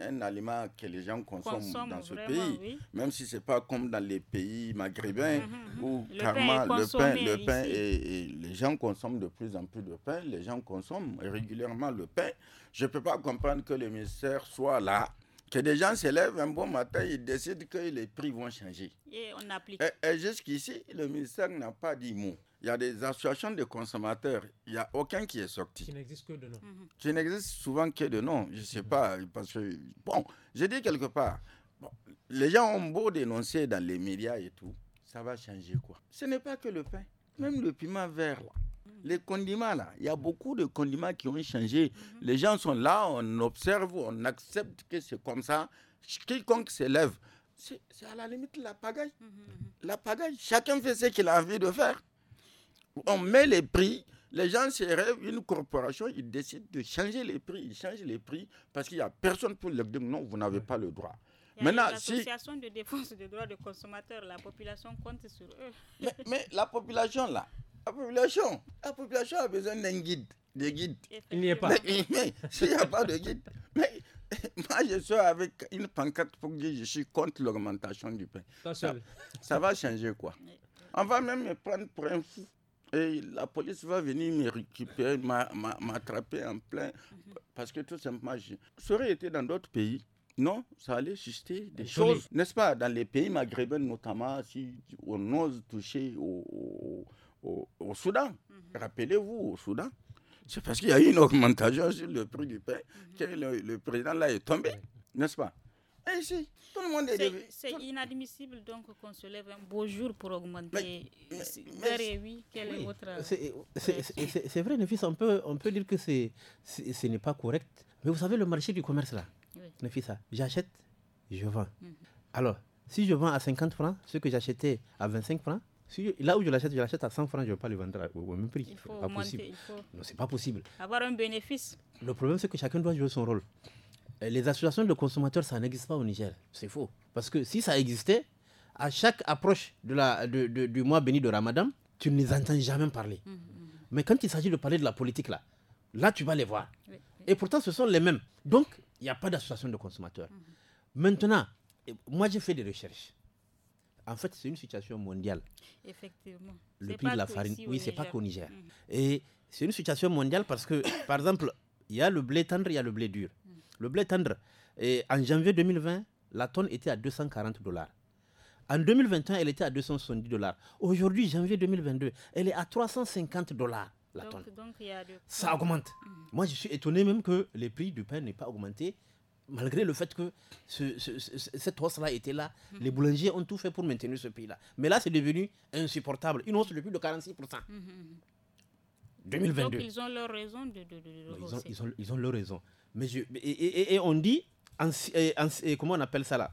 S4: un aliment que les gens consomment, dans ce pays. Même si ce n'est pas comme dans les pays maghrébins mm-hmm, mm-hmm. où le pain le pain, le et, les gens consomment de plus en plus de pain. Les gens consomment régulièrement le pain. Je ne peux pas comprendre que le ministère soit là. Que des gens se lèvent un bon matin, ils décident que les prix vont changer.
S1: Et on
S4: jusqu'ici, le ministère n'a pas dit mot il y a des associations de consommateurs, il n'y a aucun qui est sorti. Qui n'existe que de nom. Tu mhm. n'existes souvent que de nom. Je ne sais mhm. pas, parce que, bon, j'ai dit quelque part, les gens ont beau dénoncer dans les médias et tout, ça va changer quoi Ce n'est pas que le pain, même le piment vert, mhm. Les condiments, là, il y a beaucoup de condiments qui ont changé. Les gens sont là, on observe, on accepte que c'est comme ça. Quiconque s'élève, c'est à la limite la pagaille. La pagaille, chacun fait ce qu'il a envie de faire. On met les prix. Les gens se rêvent, une corporation, ils décident de changer les prix. Ils changent les prix parce qu'il n'y a personne pour leur dire non, vous n'avez pas le droit. Maintenant, l'association
S1: de défense des droits des consommateurs, la population compte sur eux.
S4: Mais, la population, là, la population, la population a besoin d'un guide, des guides. Il n'y a pas. Mais, s'il n'y a pas de guide, mais moi je suis avec une pancarte pour dire je suis contre l'augmentation du pain. Ça, ça, va changer quoi On va même me prendre pour un fou et la police va venir me récupérer, m'attraper en plein. Parce que tout simplement, je... j'aurais été dans d'autres pays. Non, ça allait susciter des choses, n'est-ce pas Dans les pays maghrébins notamment, si on ose toucher au, Soudan, mhm. rappelez-vous, au Soudan, c'est parce qu'il y a eu une augmentation sur le prix du pain que le président là est tombé, n'est-ce pas
S1: c'est inadmissible donc qu'on se lève un beau jour pour augmenter.
S5: C'est vrai, Nefis, on peut, on peut dire que c'est ce n'est pas correct. Mais vous savez, le marché du commerce là, oui. Ah, j'achète, je vends. Mhm. Alors, si je vends à 50 francs, ce que j'achetais à 25 francs, là où je l'achète, je l'achète à 100 francs, je ne vais pas le vendre au, même prix. Il faut c'est pas possible. Avoir
S1: un bénéfice.
S5: Le problème, c'est que chacun doit jouer son rôle. Euh, les associations de consommateurs, ça n'existe pas au Niger. C'est faux. Parce que si ça existait, à chaque approche de la, du mois béni de Ramadan, tu ne les entends jamais parler. Mm, mm, mm. Mais quand il s'agit de parler de la politique, là, là, tu vas les voir. Et pourtant, ce sont les mêmes. Donc, il n'y a pas d'association de consommateurs. Maintenant, moi, j'ai fait des recherches. En fait, c'est une situation mondiale. Effectivement. Le prix de la farine, oui, c'est pas qu'au Niger. Et c'est une situation mondiale parce que, par exemple, il y a le blé tendre, il y a le blé dur. Le blé tendre, en janvier 2020, la tonne était à 240 dollars. En 2021, elle était à 270 dollars. Aujourd'hui, janvier 2022, elle est à 350 dollars la tonne. Ça augmente. Mhm. Moi, je suis étonné même que les prix du pain n'aient pas augmenté, malgré le fait que cette hausse-là était là. Mhm. Les boulangers ont tout fait pour maintenir ce prix-là. Mais là, c'est devenu insupportable. Une hausse de plus de 46%.
S1: Mhm, donc, ils ont leur raison de, de,
S5: de ils, ils ont leur raison. Mais et, on dit, comment on appelle ça là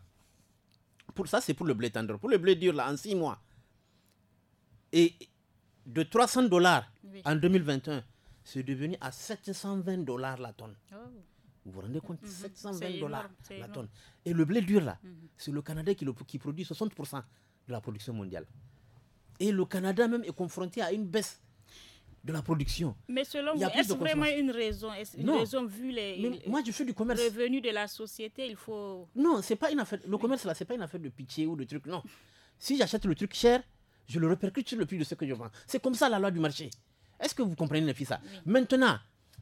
S5: pour ça, c'est pour le blé tendre. Pour le blé dur, là, en six mois, et de 300 dollars en 2021, c'est devenu à 720 dollars la tonne. Oh. Vous vous rendez compte 720 mhm. dollars la tonne. Et le blé dur, là, mhm. c'est le Canada qui, qui produit 60% de la production mondiale. Et le Canada même est confronté à une baisse de la production.
S1: Mais selon vous, est-ce vraiment une raison est une raison vu les moi, je fais du commerce. revenus de la société Il faut.
S5: Non, c'est pas une affaire. Le commerce, là, c'est pas une affaire de pitié ou de truc. Non. Si j'achète le truc cher, je le répercute sur le prix de ce que je vends. C'est comme ça la loi du marché. Est-ce que vous comprenez, les filles, ça Maintenant,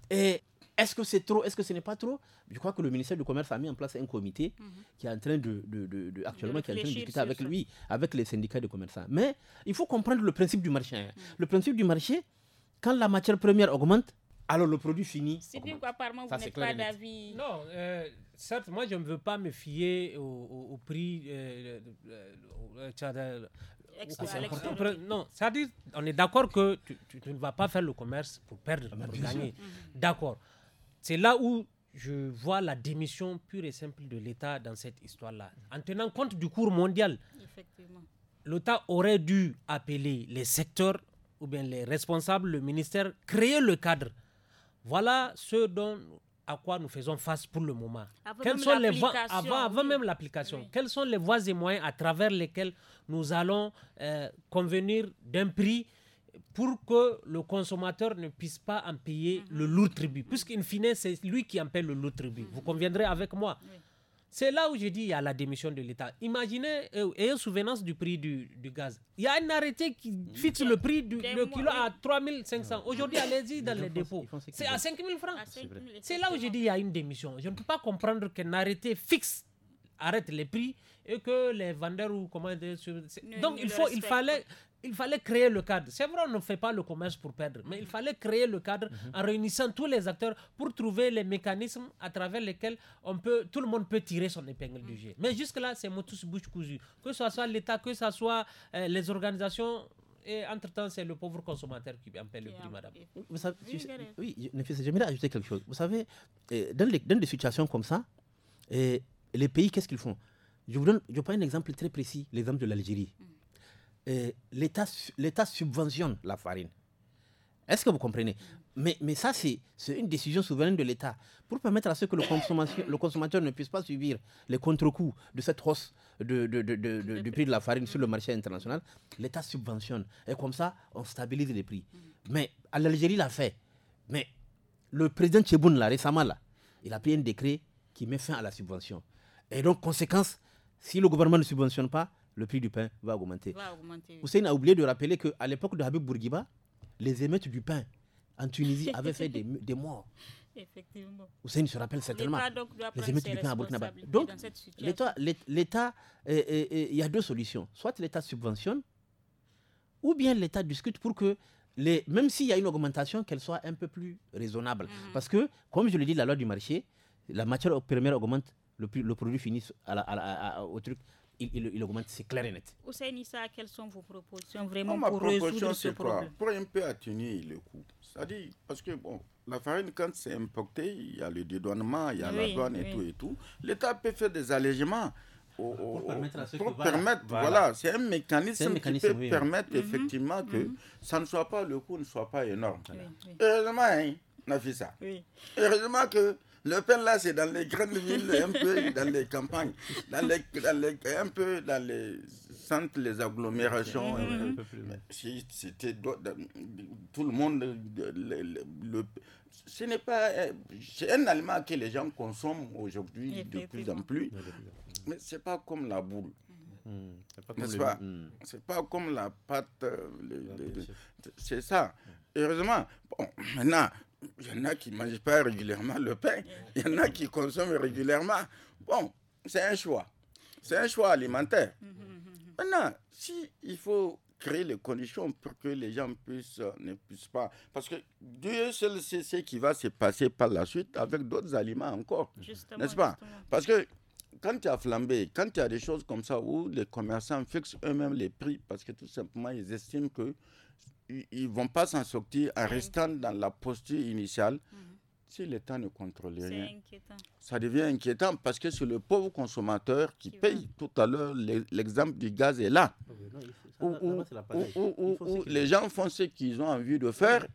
S5: eh, est-ce que c'est trop Est-ce que ce n'est pas trop Je crois que le ministère du Commerce a mis en place un comité mhm. qui est en train de, de, de, actuellement, qui est en train de discuter avec lui, avec les syndicats de commerçants. Mais il faut comprendre le principe du marché. Hein. Mhm. Le principe du marché, quand la matière première augmente, alors le produit fini. C'est
S3: vous n'êtes pas d'avis. Non, euh, certes, moi, je ne veux pas me fier au, prix. non, ça dit, on est d'accord que tu, ne vas pas faire le commerce pour perdre, pour gagner. Mhm. D'accord. C'est là où je vois la démission pure et simple de l'État dans cette histoire-là. En tenant compte du cours mondial, l'État aurait dû appeler les secteurs ou bien les responsables, le ministère, créer le cadre. Voilà ce dont à quoi nous faisons face pour le moment. Avant Quelles même les avant, même l'application, quelles sont les voies et moyens à travers lesquels nous allons euh, convenir d'un prix pour que le consommateur ne puisse pas en payer mhm. le lourd tribut, puisqu'in fine, c'est lui qui en paie le lourd tribut. Mhm. Vous conviendrez avec moi. C'est là où je dis il y a la démission de l'État. Imaginez, euh, ayez souvenance du prix du, gaz. Il y a un arrêté qui fixe le prix du kilo à 3500. Aujourd'hui, allez-y dans les dépôts. C'est à 5000 francs. C'est là où je dis il y a une démission. Je ne peux pas comprendre qu'un arrêté fixe arrête les prix et que les vendeurs ou comment donc il faut il fallait il fallait créer le cadre. C'est vrai, on ne fait pas le commerce pour perdre, mais il mhm. fallait créer le cadre mhm. en réunissant tous les acteurs pour trouver les mécanismes à travers lesquels on peut, tout le monde peut tirer son épingle du mhm. jeu. Mais jusque-là, c'est motus bouche cousue. Que ce soit l'État, que ce soit euh, les organisations. Et entre-temps, c'est le pauvre consommateur qui en paie le prix, madame. Vous savez,
S5: oui, j'aimerais ajouter quelque chose. Vous savez, euh, dans, des situations comme ça, euh, les pays, qu'est-ce qu'ils font Je vous donne je prends un exemple très précis, l'exemple de l'Algérie. Mm. Euh, l'État subventionne la farine. Est-ce que vous comprenez mais, mais ça, c'est une décision souveraine de l'État pour permettre à ce que le, le consommateur ne puisse pas subir les contre-coups de cette hausse de, de, du prix de la farine sur le marché international. L'État subventionne. Et comme ça, on stabilise les prix. Mais l'Algérie l'a fait. Mais le président Cheboun récemment, il a pris un décret qui met fin à la subvention. Et donc, conséquence, si le gouvernement ne subventionne pas, le prix du pain va augmenter. Va a oublié de rappeler qu'à l'époque de Habib Bourguiba, les émeutes du pain en Tunisie avaient fait des, des morts.
S3: Effectivement. Hussein se rappelle certainement les émeutes du pain à Burkina Donc,
S5: l'État, euh, euh, euh, il y a deux solutions. Soit l'État subventionne, ou bien l'État discute pour que, les, même s'il y a une augmentation, qu'elle soit un peu plus raisonnable. Mm-hmm. Parce que, comme je le dis, la loi du marché, la matière première augmente, le, le produit finit
S4: au truc il, il, il augmente, c'est clair et net.
S1: Hussein quelles sont vos propositions vraiment
S4: pour résoudre ce problème Pour un peu atténuer le coût. C'est-à-dire, parce que bon, la farine, quand c'est importé, il y a le dédouanement, il y a la douane et tout et tout. L'État peut faire des allégements pour permettre, voilà, c'est un, mécanisme, qui peut permettre mhm. effectivement que mhm. ça ne soit pas, le coût ne soit pas énorme. Heureusement, hein, on a fait ça. Heureusement que le pain, là, c'est dans les grandes villes, un peu dans les campagnes, dans les, un peu dans les centres, les agglomérations. C'était tout le monde. Le, ce n'est pas. C'est un aliment que les gens consomment aujourd'hui de plus en plus. Mais ce n'est pas comme la boule. Hmm. Hmm. C'est pas, comme hmm. pas comme la pâte. Euh, c'est ça. Heureusement, bon, maintenant, il y en a qui ne mangent pas régulièrement le pain, il y en a qui consomment régulièrement. Bon, c'est un choix. C'est un choix alimentaire. Hum, hum, hum, Maintenant, si il faut créer les conditions pour que les gens puissent, euh, ne puissent pas. Parce que Dieu seul sait ce qui va se passer par la suite avec d'autres aliments encore. N'est-ce pas Parce que quand tu as flambé, quand tu as des choses comme ça où les commerçants fixent eux-mêmes les prix, parce que tout simplement ils estiment que ils ne vont pas s'en sortir en restant dans la posture initiale mhm. si l'État ne contrôle rien. Ça devient inquiétant parce que c'est le pauvre consommateur qui, paye. Tout à l'heure, l'exemple du gaz est là. les gens font ce qu'ils ont envie de faire.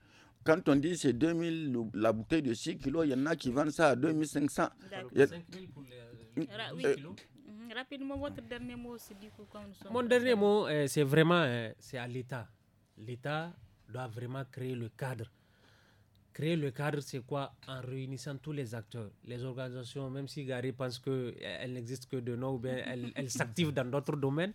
S4: Quand on dit c'est 2000 la bouteille de 6 kilos, il y en a qui vendent ça à 2500. pour euh, euh, mhm.
S1: Rapidement, votre dernier mot, c'est Mon dernier
S3: mot, euh, c'est vraiment c'est à l'État l'État doit vraiment créer le cadre. Créer le cadre, c'est quoi En réunissant tous les acteurs, les organisations, même si Gary pense qu'elles eh, n'existent que de nous, bien elles s'activent dans d'autres domaines,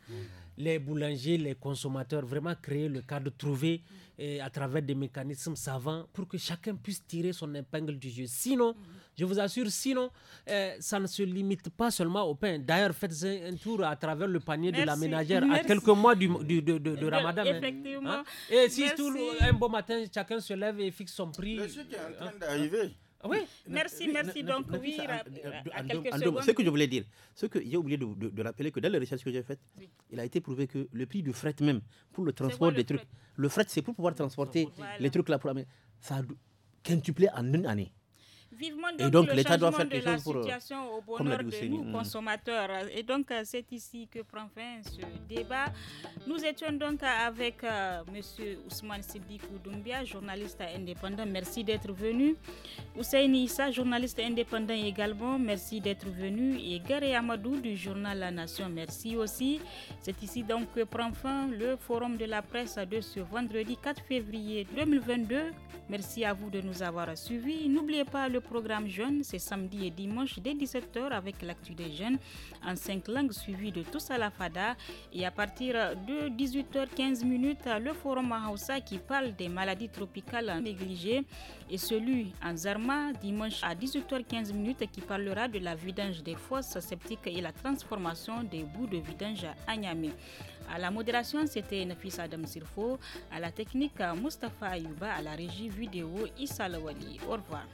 S3: les boulangers, les consommateurs, vraiment créer le cadre, trouver eh, à travers des mécanismes savants pour que chacun puisse tirer son épingle du jeu. Sinon, je vous assure, sinon, euh, ça ne se limite pas seulement au pain. D'ailleurs, faites un, tour à travers le panier de la ménagère à quelques mois du, de, de, Ramadan. Hein. Effectivement. Hein? Et si tout, un beau matin, chacun se lève et fixe son prix. Monsieur qui est en train hein? d'arriver. Oui. Merci, merci. Donc, oui, Ce que je
S5: voulais dire, ce que j'ai oublié de, de, rappeler que dans les recherches que j'ai faites, il a été prouvé que le prix du fret même, pour le transport des trucs, le fret, c'est pour pouvoir transporter les trucs là pour ça a quintuplé en une année.
S1: Vivement et donc l'État doit faire quelque pour euh, au bonheur de nous mm. consommateurs. Et donc euh, c'est ici que prend fin ce débat. Nous étions donc avec euh, Monsieur Ousmane Sidikou Doumbia, journaliste indépendant. Merci d'être venu. Hussein Issa, journaliste indépendant également. Merci d'être venu. Et Gary Amadou du journal La Nation. Merci aussi. C'est ici donc que prend fin le forum de la presse de ce vendredi 4 février 2022. Merci à vous de nous avoir suivis. N'oubliez pas le programme Jeunes, c'est samedi et dimanche dès 17h avec l'actu des jeunes en cinq langues suivi de tous à la FADA. Et à partir de 18h15, le forum Mahoussa qui parle des maladies tropicales négligées et celui en Zarma dimanche à 18h15 qui parlera de la vidange des fosses septiques et la transformation des bouts de vidange à Niamé. À la modération, c'était Nafis Adam Sirfo, à la technique Mustafa Ayuba, à la régie vidéo Issa Lawali. Au revoir.